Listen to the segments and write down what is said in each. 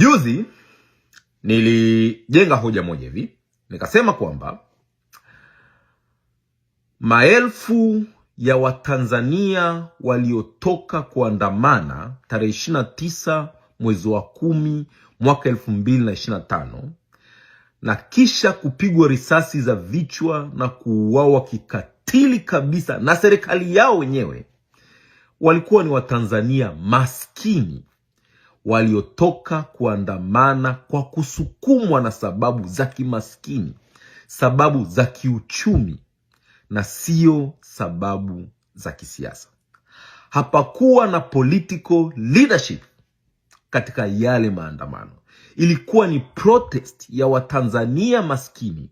Juzi nilijenga hoja moja hivi nikasema kwamba maelfu ya Watanzania waliotoka kuandamana tarehe ishirini na tisa mwezi wa kumi mwaka elfu mbili na ishirini na tano na kisha kupigwa risasi za vichwa na kuuawa kikatili kabisa na serikali yao wenyewe walikuwa ni Watanzania maskini waliotoka kuandamana kwa kusukumwa na sababu za kimaskini, sababu za kiuchumi na sio sababu za kisiasa. Hapakuwa na political leadership katika yale maandamano. Ilikuwa ni protest ya Watanzania maskini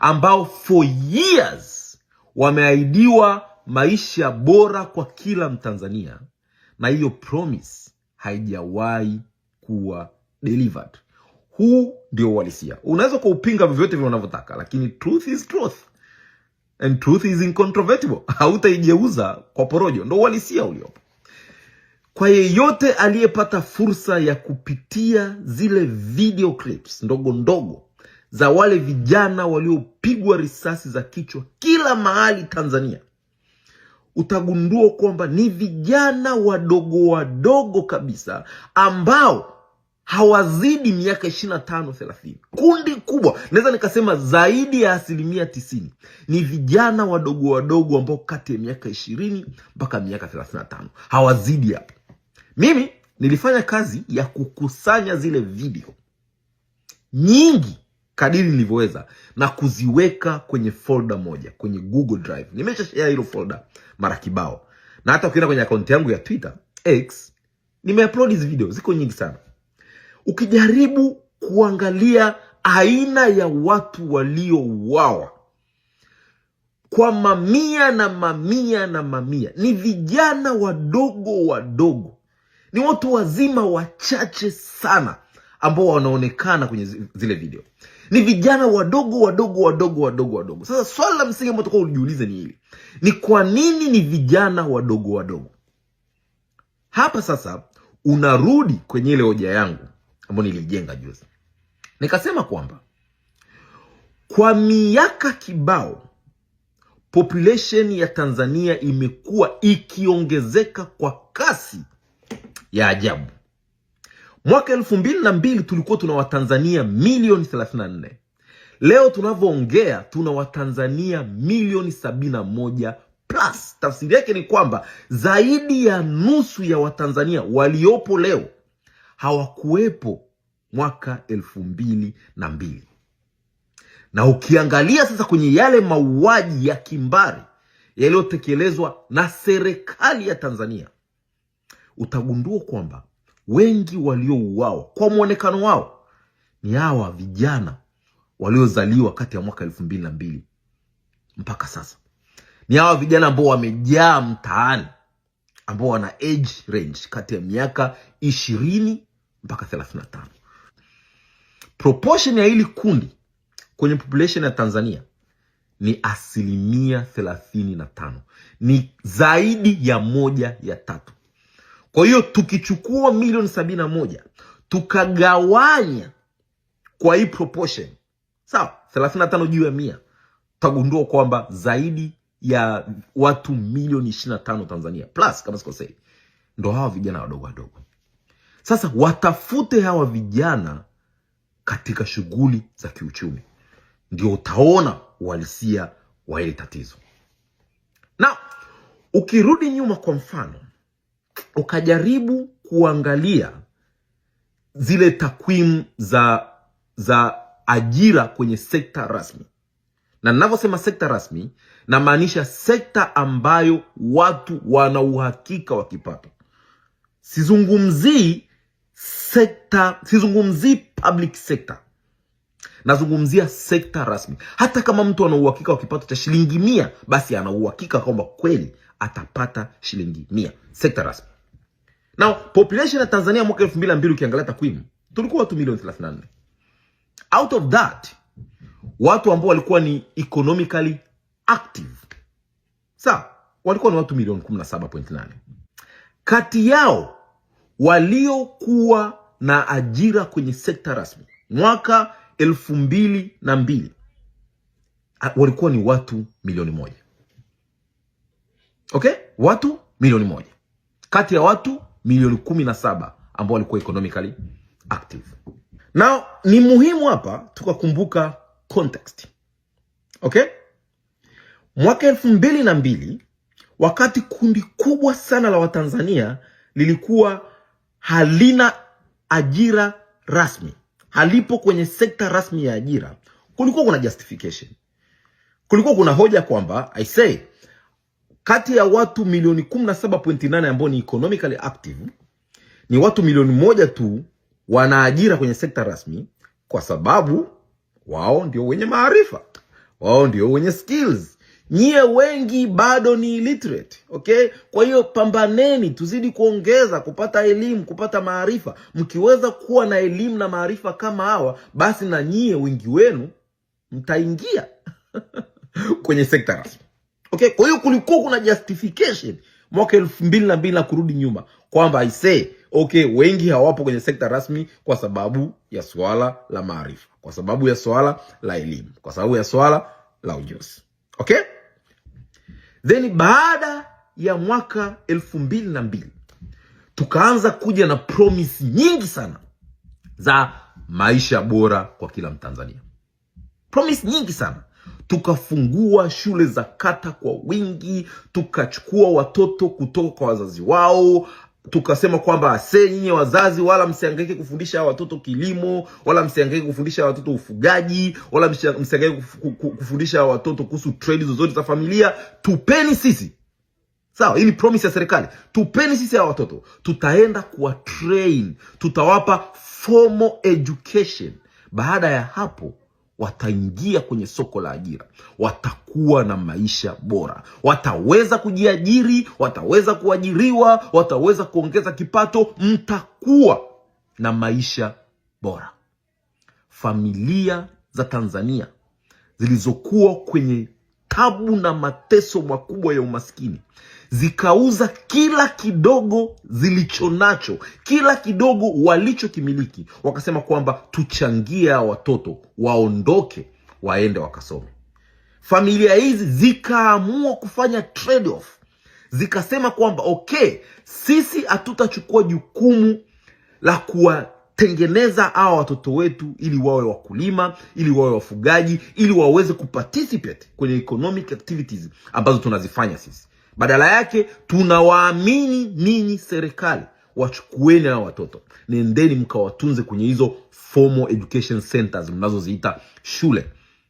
ambao for years wameahidiwa maisha bora kwa kila Mtanzania, na hiyo promise haijawahi kuwa delivered. Huu ndio uhalisia. Unaweza kuupinga vyovyote vile unavyotaka, lakini truth is truth and truth is incontrovertible. hautaijeuza kwa porojo, ndo uhalisia uliopo. Kwa yeyote aliyepata fursa ya kupitia zile video clips ndogo ndogo za wale vijana waliopigwa risasi za kichwa kila mahali Tanzania utagundua kwamba ni vijana wadogo wadogo kabisa ambao hawazidi miaka ishirini na tano thelathini. Kundi kubwa naweza nikasema zaidi ya asilimia tisini ni vijana wadogo wadogo ambao kati ya miaka ishirini mpaka miaka thelathini na tano hawazidi hapo. Mimi nilifanya kazi ya kukusanya zile video nyingi kadiri nilivyoweza na kuziweka kwenye folda moja kwenye Google Drive. Nimesha share hilo folda mara kibao, na hata ukienda kwenye akaunti yangu ya Twitter X nimeupload hizi video, ziko nyingi sana. Ukijaribu kuangalia aina ya watu waliouawa kwa mamia na mamia na mamia, ni vijana wadogo wadogo, ni watu wazima wachache sana ambao wanaonekana kwenye zile video ni vijana wadogo wadogo wadogo wadogo wadogo. Sasa swali la msingi ambao tukao ujiulize ni hili, ni kwa nini ni vijana wadogo wadogo? Hapa sasa unarudi kwenye ile hoja yangu ambayo nilijenga juzi, nikasema kwamba kwa miaka kibao population ya Tanzania imekuwa ikiongezeka kwa kasi ya ajabu. Mwaka elfu mbili na mbili tulikuwa tuna Watanzania milioni nne. Leo tunavyoongea tuna Watanzania milioni moja plus. Tafsiri yake ni kwamba zaidi ya nusu ya Watanzania waliopo leo hawakuwepo mwaka elfu mbili na mbili. Na ukiangalia sasa kwenye yale mauaji ya kimbari yaliyotekelezwa na serikali ya Tanzania utagundua kwamba wengi waliouawa kwa mwonekano wao ni hawa vijana waliozaliwa kati ya mwaka elfu mbili na mbili mpaka sasa. Ni hawa vijana ambao wamejaa mtaani, ambao wana age range kati ya miaka ishirini mpaka thelathini na tano. Proportion ya hili kundi kwenye population ya Tanzania ni asilimia thelathini na tano, ni zaidi ya moja ya tatu. Kwa hiyo tukichukua milioni sabini na moja tukagawanya kwa hii proportion sawa, thelathini na tano juu ya mia, tutagundua kwamba zaidi ya watu milioni ishirini na tano Tanzania plus kama sikosei, ndo hawa vijana wadogo wadogo. Sasa watafute hawa vijana katika shughuli za kiuchumi, ndio utaona uhalisia wa hili tatizo. Na ukirudi nyuma, kwa mfano ukajaribu kuangalia zile takwimu za za ajira kwenye sekta rasmi, na ninavyosema sekta rasmi namaanisha sekta ambayo watu wana uhakika wa kipato. Sizungumzii sekta, sizungumzii public sector, nazungumzia sekta rasmi. Hata kama mtu ana uhakika wa kipato cha shilingi mia, basi ana uhakika kwamba kweli atapata shilingi mia. Sekta rasmi. Now, population ya Tanzania mwaka 2002 ukiangalia takwimu, tulikuwa watu milioni 34. Out of that, watu ambao walikuwa ni economically active. Sawa, walikuwa ni watu milioni 17.8. Kati yao waliokuwa na ajira kwenye sekta rasmi mwaka elfu mbili na mbili walikuwa ni watu milioni moja. Okay? Watu milioni moja kati ya watu milioni kumi na saba ambao walikuwa economically active. na ni muhimu hapa tukakumbuka context. Okay? Mwaka elfu mbili na mbili wakati kundi kubwa sana la Watanzania lilikuwa halina ajira rasmi, halipo kwenye sekta rasmi ya ajira, kulikuwa kuna justification, kulikuwa kuna hoja kwamba I say kati ya watu milioni 17.8 ambao ni economically active ni watu milioni moja tu wana ajira kwenye sekta rasmi, kwa sababu wao ndio wenye maarifa, wao ndio wenye skills. Nyie wengi bado ni illiterate, okay? Kwa hiyo pambaneni, tuzidi kuongeza kupata elimu, kupata maarifa. Mkiweza kuwa na elimu na maarifa kama hawa, basi na nyie wengi wenu mtaingia kwenye sekta rasmi. Okay, kwa hiyo kulikuwa kuna justification mwaka elfu mbili na mbili na kurudi nyuma kwamba aisee, okay, wengi hawapo kwenye sekta rasmi kwa sababu ya swala la maarifa, kwa sababu ya swala la elimu, kwa sababu ya swala la ujuzi. Okay, then baada ya mwaka elfu mbili na mbili tukaanza kuja na promise nyingi sana za maisha bora kwa kila Mtanzania, promise nyingi sana tukafungua shule za kata kwa wingi, tukachukua watoto kutoka kwa wazazi wao tukasema kwamba ase nyinyi wazazi wala msiangaike kufundisha watoto kilimo, wala msiangaike kufundisha watoto ufugaji, wala msiangaike kufundisha watoto kuhusu trade zozote za familia. Tupeni sisi, sawa. Hii ni promise ya serikali, tupeni sisi hawa watoto, tutaenda kuwa train, tutawapa formal education. Baada ya hapo wataingia kwenye soko la ajira, watakuwa na maisha bora, wataweza kujiajiri, wataweza kuajiriwa, wataweza kuongeza kipato, mtakuwa na maisha bora. Familia za Tanzania zilizokuwa kwenye tabu na mateso makubwa ya umaskini zikauza kila kidogo zilichonacho, kila kidogo walichokimiliki, wakasema kwamba tuchangia watoto waondoke waende wakasome. Familia hizi zikaamua kufanya trade off, zikasema kwamba okay, sisi hatutachukua jukumu la kuwa tengeneza hawa watoto wetu ili wawe wakulima ili wawe wafugaji ili waweze kuparticipate kwenye economic activities ambazo tunazifanya sisi, badala yake tunawaamini ninyi serikali, wachukueni hao watoto, nendeni mkawatunze kwenye hizo formal education centers mnazoziita shule,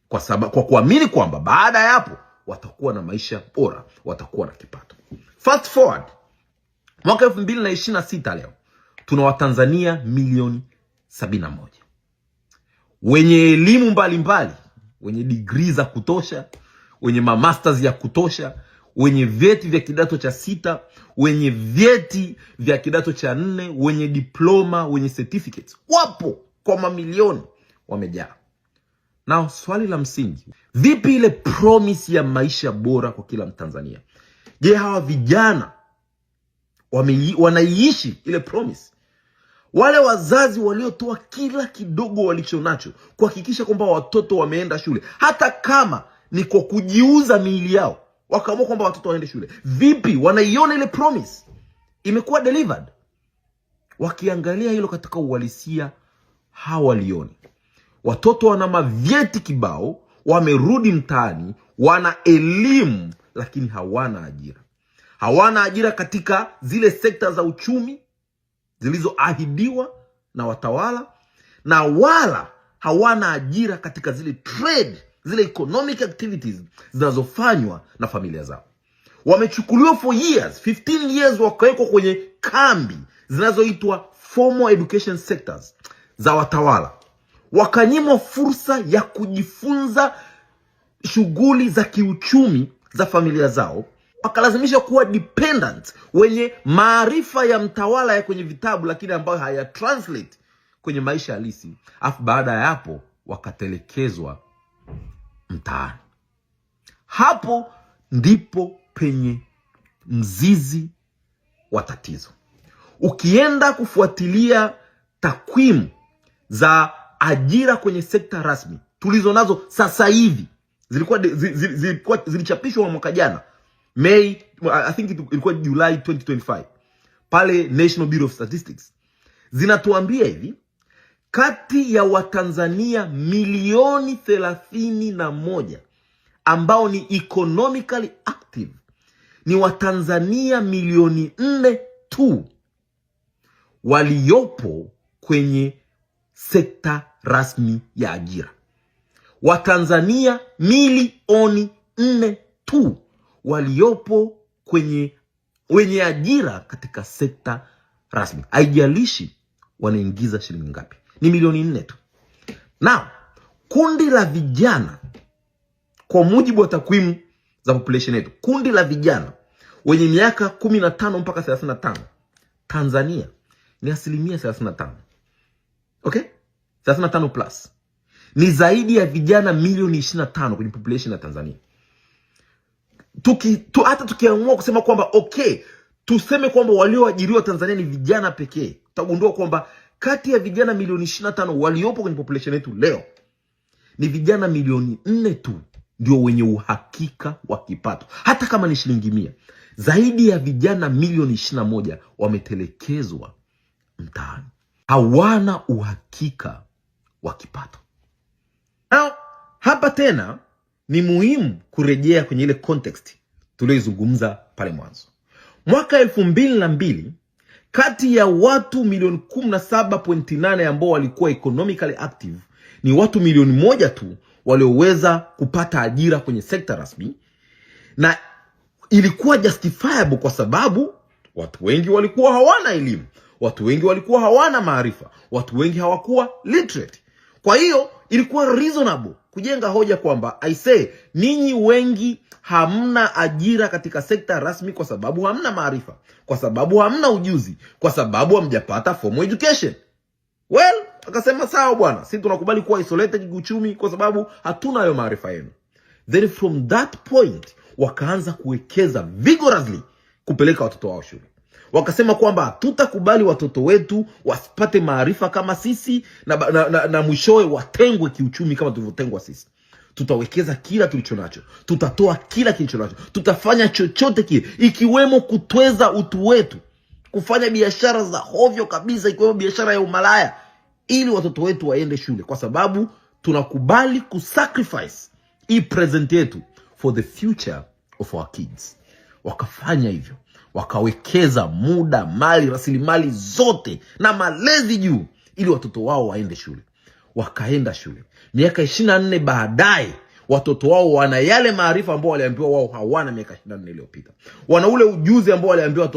kwa sababu kwa kuamini kwamba baada ya hapo watakuwa na maisha bora, watakuwa na kipato. Fast forward mwaka elfu mbili na ishirini na sita leo tuna Watanzania milioni sabini na moja wenye elimu mbalimbali, wenye digrii za kutosha, wenye mamasters ya kutosha wenye vyeti vya kidato cha sita, wenye vyeti vya kidato cha nne, wenye diploma, wenye certificates wapo kwa mamilioni, wamejaa. Na swali la msingi, vipi ile promise ya maisha bora kwa kila Mtanzania? Je, hawa vijana wanaiishi ile promise? Wale wazazi waliotoa kila kidogo walichonacho kuhakikisha kwamba watoto wameenda shule, hata kama ni kwa kujiuza miili yao wakaamua kwamba watoto waende shule. Vipi wanaiona ile promise imekuwa delivered? Wakiangalia hilo katika uhalisia hawalioni. Watoto wana mavyeti kibao, wamerudi mtaani, wana elimu lakini hawana ajira. Hawana ajira katika zile sekta za uchumi zilizoahidiwa na watawala, na wala hawana ajira katika zile trade zile economic activities zinazofanywa na familia zao. Wamechukuliwa for years, 15 years, wakawekwa kwenye kambi zinazoitwa formal education sectors za watawala, wakanyimwa fursa ya kujifunza shughuli za kiuchumi za familia zao, wakalazimisha kuwa dependent, wenye maarifa ya mtawala ya kwenye vitabu, lakini ambayo haya translate kwenye maisha halisi, afu baada ya hapo wakatelekezwa mtaani. Hapo ndipo penye mzizi wa tatizo. Ukienda kufuatilia takwimu za ajira kwenye sekta rasmi tulizo nazo sasa hivi, zilikuwa zilikuwa zilichapishwa mwaka jana Mei, I think ilikuwa Julai 2025 pale National Bureau of Statistics, zinatuambia hivi kati ya Watanzania milioni thelathini na moja ambao ni economically active ni Watanzania milioni nne tu waliopo kwenye sekta rasmi ya ajira. Watanzania milioni nne tu waliopo kwenye wenye ajira katika sekta rasmi, haijalishi wanaingiza shilingi ngapi ni milioni nne tu. Na kundi la vijana kwa mujibu wa takwimu za population yetu, kundi la vijana wenye miaka kumi na tano mpaka thelathini na tano Tanzania ni asilimia thelathini na tano okay? thelathini na tano plus ni zaidi ya vijana milioni ishirini na tano kwenye population ya Tanzania. Tuki, tu, hata tukiamua kusema kwamba okay, tuseme kwamba walioajiriwa Tanzania ni vijana pekee, tutagundua kwamba kati ya vijana milioni 25 waliopo kwenye population yetu leo ni vijana milioni nne tu ndio wenye uhakika wa kipato, hata kama ni shilingi mia. Zaidi ya vijana milioni 21 wametelekezwa mtaani, hawana uhakika wa kipato. Hapa tena ni muhimu kurejea kwenye ile context tulioizungumza pale mwanzo. Mwaka elfu mbili na mbili kati ya watu milioni 17.8 ambao walikuwa economically active ni watu milioni moja tu walioweza kupata ajira kwenye sekta rasmi, na ilikuwa justifiable kwa sababu watu wengi walikuwa hawana elimu, watu wengi walikuwa hawana maarifa, watu wengi hawakuwa literate. Kwa hiyo ilikuwa reasonable kujenga hoja kwamba aisee, ninyi wengi hamna ajira katika sekta rasmi kwa sababu hamna maarifa, kwa sababu hamna ujuzi, kwa sababu hamjapata formal education. Well, akasema sawa bwana, sisi tunakubali kuwa isolete kiuchumi kwa sababu hatuna hayo maarifa yenu. Then from that point wakaanza kuwekeza vigorously kupeleka watoto wao shule wakasema kwamba tutakubali watoto wetu wasipate maarifa kama sisi na, na, na, na mwishowe watengwe kiuchumi kama tulivyotengwa sisi. Tutawekeza kila tulicho nacho, tutatoa kila kilicho nacho, tutafanya chochote kile, ikiwemo kutweza utu wetu, kufanya biashara za hovyo kabisa, ikiwemo biashara ya umalaya, ili watoto wetu waende shule, kwa sababu tunakubali kusacrifice hii present yetu for the future of our kids. Wakafanya hivyo wakawekeza muda, mali, rasilimali zote na malezi juu, ili watoto wao waende shule. Wakaenda shule, miaka ishirini na nne baadaye watoto wao wana yale maarifa ambao waliambiwa wao hawana miaka ishirini na nne iliyopita. Wana ule ujuzi ambao waliambiwa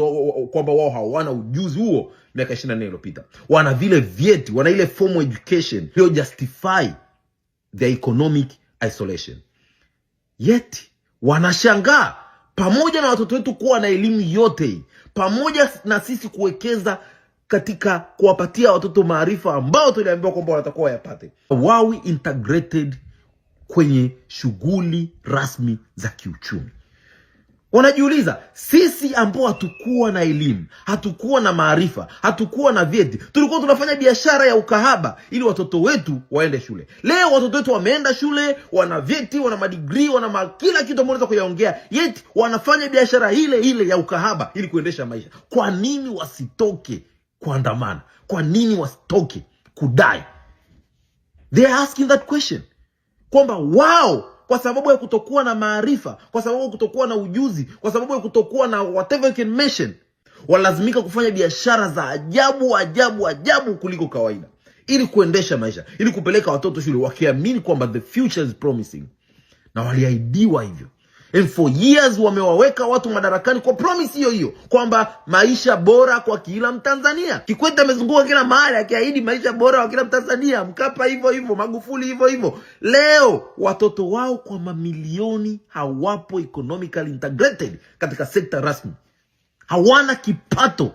kwamba wao hawana ujuzi huo miaka ishirini na nne iliyopita. Wana vile vyeti, wana ile formal education justify economic isolation, wanashangaa pamoja na watoto wetu kuwa na elimu yote, pamoja na sisi kuwekeza katika kuwapatia watoto maarifa ambao tuliambiwa kwamba wanatakuwa wayapate, wawi integrated kwenye shughuli rasmi za kiuchumi. Unajiuliza, sisi ambao hatukuwa na elimu, hatukuwa na maarifa, hatukuwa na vyeti, tulikuwa tunafanya biashara ya ukahaba ili watoto wetu waende shule. Leo watoto wetu wameenda shule, wana vyeti, wana madigrii, wana ma kila kitu ambao unaweza kuyaongea, yet wanafanya biashara ile ile ya ukahaba ili kuendesha maisha. Kwa nini wasitoke kuandamana? Kwa nini wasitoke kudai? They are asking that question kwamba wao kwa sababu ya kutokuwa na maarifa, kwa sababu ya kutokuwa na ujuzi, kwa sababu ya kutokuwa na whatever you can mention, walazimika kufanya biashara za ajabu ajabu ajabu kuliko kawaida ili kuendesha maisha, ili kupeleka watoto shule wakiamini kwamba the future is promising, na waliahidiwa hivyo. And for years wamewaweka watu madarakani kwa promise hiyo hiyo kwamba maisha bora kwa kila Mtanzania. Kikwete amezunguka kila mahali akiahidi maisha bora kwa kila Mtanzania, Mkapa hivyo hivyo, Magufuli hivyo hivyo. Leo watoto wao kwa mamilioni hawapo economically integrated katika sekta rasmi, hawana kipato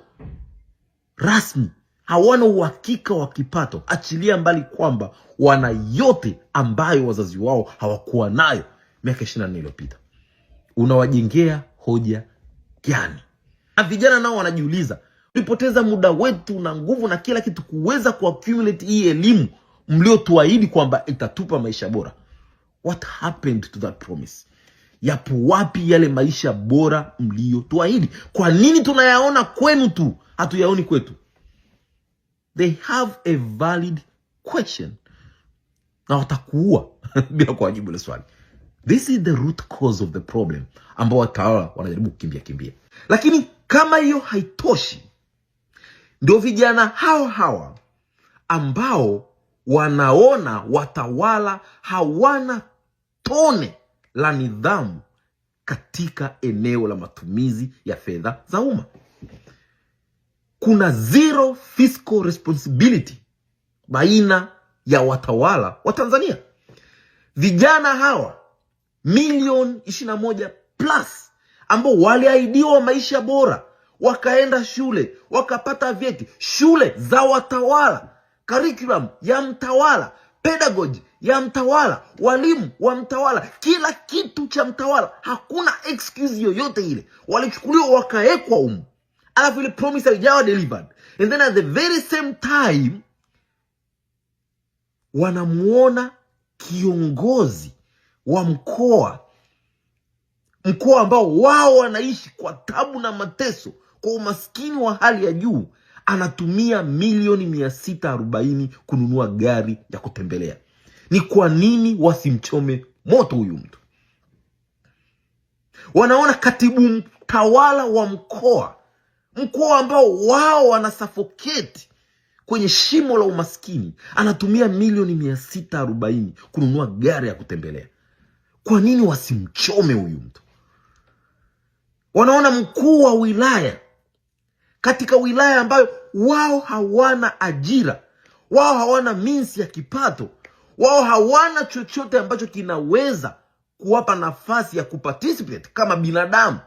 rasmi, hawana uhakika wa kipato, achilia mbali kwamba wana yote ambayo wazazi wao hawakuwa nayo miaka ishirini na nne iliyopita unawajengea hoja gani? Na vijana nao wanajiuliza, tulipoteza muda wetu na nguvu na kila kitu kuweza kuaccumulate hii elimu mliotuahidi kwamba itatupa maisha bora. What happened to that promise? Yapo wapi yale maisha bora mliotuahidi Kwa nini tunayaona kwenu tu, hatuyaoni kwetu? They have a valid question, na watakuua bila kuwajibu la swali. This is the root cause of the problem ambao watawala wanajaribu kukimbia kimbia. Lakini kama hiyo haitoshi, ndio vijana hao hawa ambao wanaona watawala hawana tone la nidhamu katika eneo la matumizi ya fedha za umma. Kuna zero fiscal responsibility baina ya watawala wa Tanzania. Vijana hawa milioni ishirini na moja plus ambao waliahidiwa maisha bora, wakaenda shule wakapata vyeti, shule za watawala, curriculum ya mtawala, pedagogy ya mtawala, walimu wa mtawala, kila kitu cha mtawala. Hakuna excuse yoyote ile, walichukuliwa wakawekwa umu, alafu ile promise haijawa delivered, and then at the very same time wanamuona kiongozi wa mkoa, mkoa ambao wao wanaishi kwa tabu na mateso, kwa umaskini wa hali ya juu, anatumia milioni mia sita arobaini kununua gari ya kutembelea. Ni kwa nini wasimchome moto huyu mtu? Wanaona katibu mtawala wa mkoa, mkoa ambao wao wanasafoketi kwenye shimo la umaskini, anatumia milioni mia sita arobaini kununua gari ya kutembelea. Kwa nini wasimchome huyu mtu? Wanaona mkuu wa wilaya katika wilaya ambayo wao hawana ajira, wao hawana minsi ya kipato, wao hawana chochote ambacho kinaweza kuwapa nafasi ya kuparticipate kama binadamu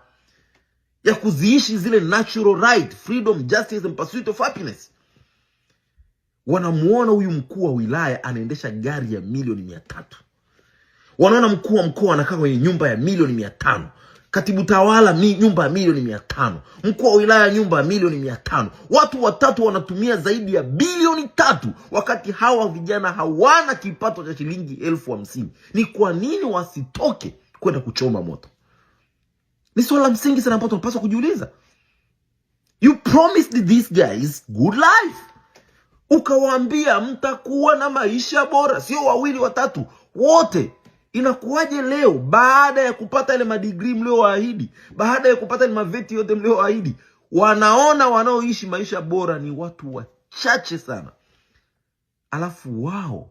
ya kuziishi zile natural right, freedom, justice and pursuit of happiness. Wanamuona huyu mkuu wa wilaya anaendesha gari ya milioni mia tatu Wanaona mkuu wa mkoa anakaa kwenye nyumba ya milioni mia tano katibu tawala mi, nyumba ya milioni mia tano mkuu wa wilaya nyumba ya milioni mia tano Watu watatu wanatumia zaidi ya bilioni tatu, wakati hawa vijana hawana kipato cha shilingi elfu hamsini. Ni kwa nini wasitoke kwenda kuchoma moto? Ni swala la msingi sana ambao tunapaswa kujiuliza. You promised these guys good life, ukawaambia mtakuwa na maisha bora, sio wawili watatu, wote Inakuwaje leo baada ya kupata ile madigrii mliowaahidi, baada ya kupata ile maveti yote mliowaahidi, wanaona wanaoishi maisha bora ni watu wachache sana, alafu wao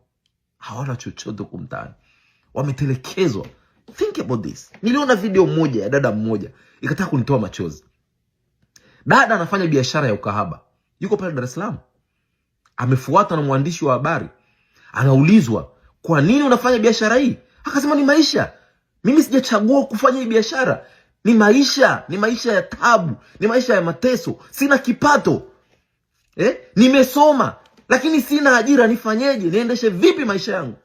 hawana chochote kumtaani, wametelekezwa. Think about this. Niliona video moja ya dada mmoja ikataka kunitoa machozi. Dada anafanya biashara ya ukahaba, yuko pale Dar es Salaam, amefuatwa na mwandishi wa habari, anaulizwa kwa nini unafanya biashara hii? Akasema ni maisha, mimi sijachagua kufanya hii biashara, ni maisha, ni maisha ya tabu, ni maisha ya mateso, sina kipato eh? Nimesoma lakini sina ajira, nifanyeje? Niendeshe vipi maisha yangu?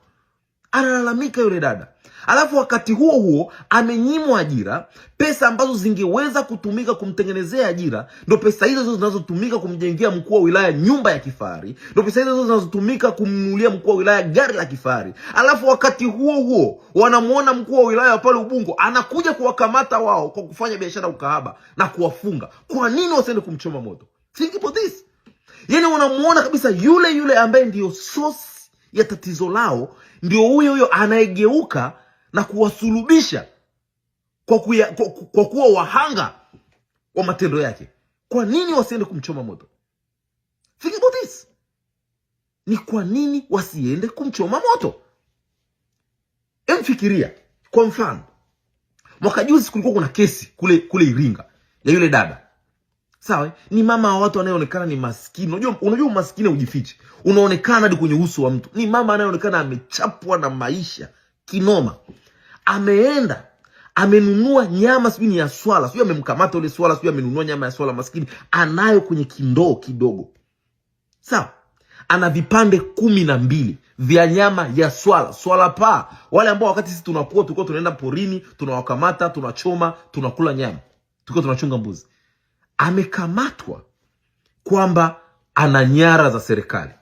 Analalamika yule dada. Alafu wakati huo huo amenyimwa ajira, pesa ambazo zingeweza kutumika kumtengenezea ajira, ndo pesa hizo hizo zinazotumika kumjengea mkuu wa wilaya nyumba ya kifahari, ndo pesa hizo hizo zinazotumika kumnunulia mkuu wa wilaya gari la kifahari. Alafu wakati huo huo wanamwona mkuu wa wilaya pale Ubungo anakuja kuwakamata wao kwa kufanya biashara ukahaba na kuwafunga. Kwa nini wasiende kumchoma moto? Think about this. Yani wanamuona kabisa yule yule ambaye ndiyo source ya tatizo lao, ndio huyo huyo anayegeuka na kuwasulubisha kwa, kuya, kwa, kwa kuwa wahanga wa matendo yake. Kwa nini wasiende kumchoma moto? Think about this. Ni kwa nini wasiende kumchoma moto? Emfikiria kwa mfano, mwaka juzi kulikuwa kuna kesi kule kule Iringa ya yule dada sawa, ni mama wa watu anayeonekana ni maskini. Unajua, unajua umaskini haujifichi, unaonekana hadi kwenye uso wa mtu. Ni mama anayeonekana amechapwa na maisha, kinoma, ameenda amenunua nyama sijui ni ya swala, sijui amemkamata ule swala, sijui amenunua nyama ya swala, maskini anayo kwenye kindoo kidogo, sawa. Ana vipande kumi na mbili vya nyama ya swala, swala paa, wale ambao wakati sisi tunakuwa tulikuwa tunaenda porini tunawakamata, tunachoma, tunakula nyama, tulikuwa tunachunga mbuzi. Amekamatwa kwamba ana nyara za serikali.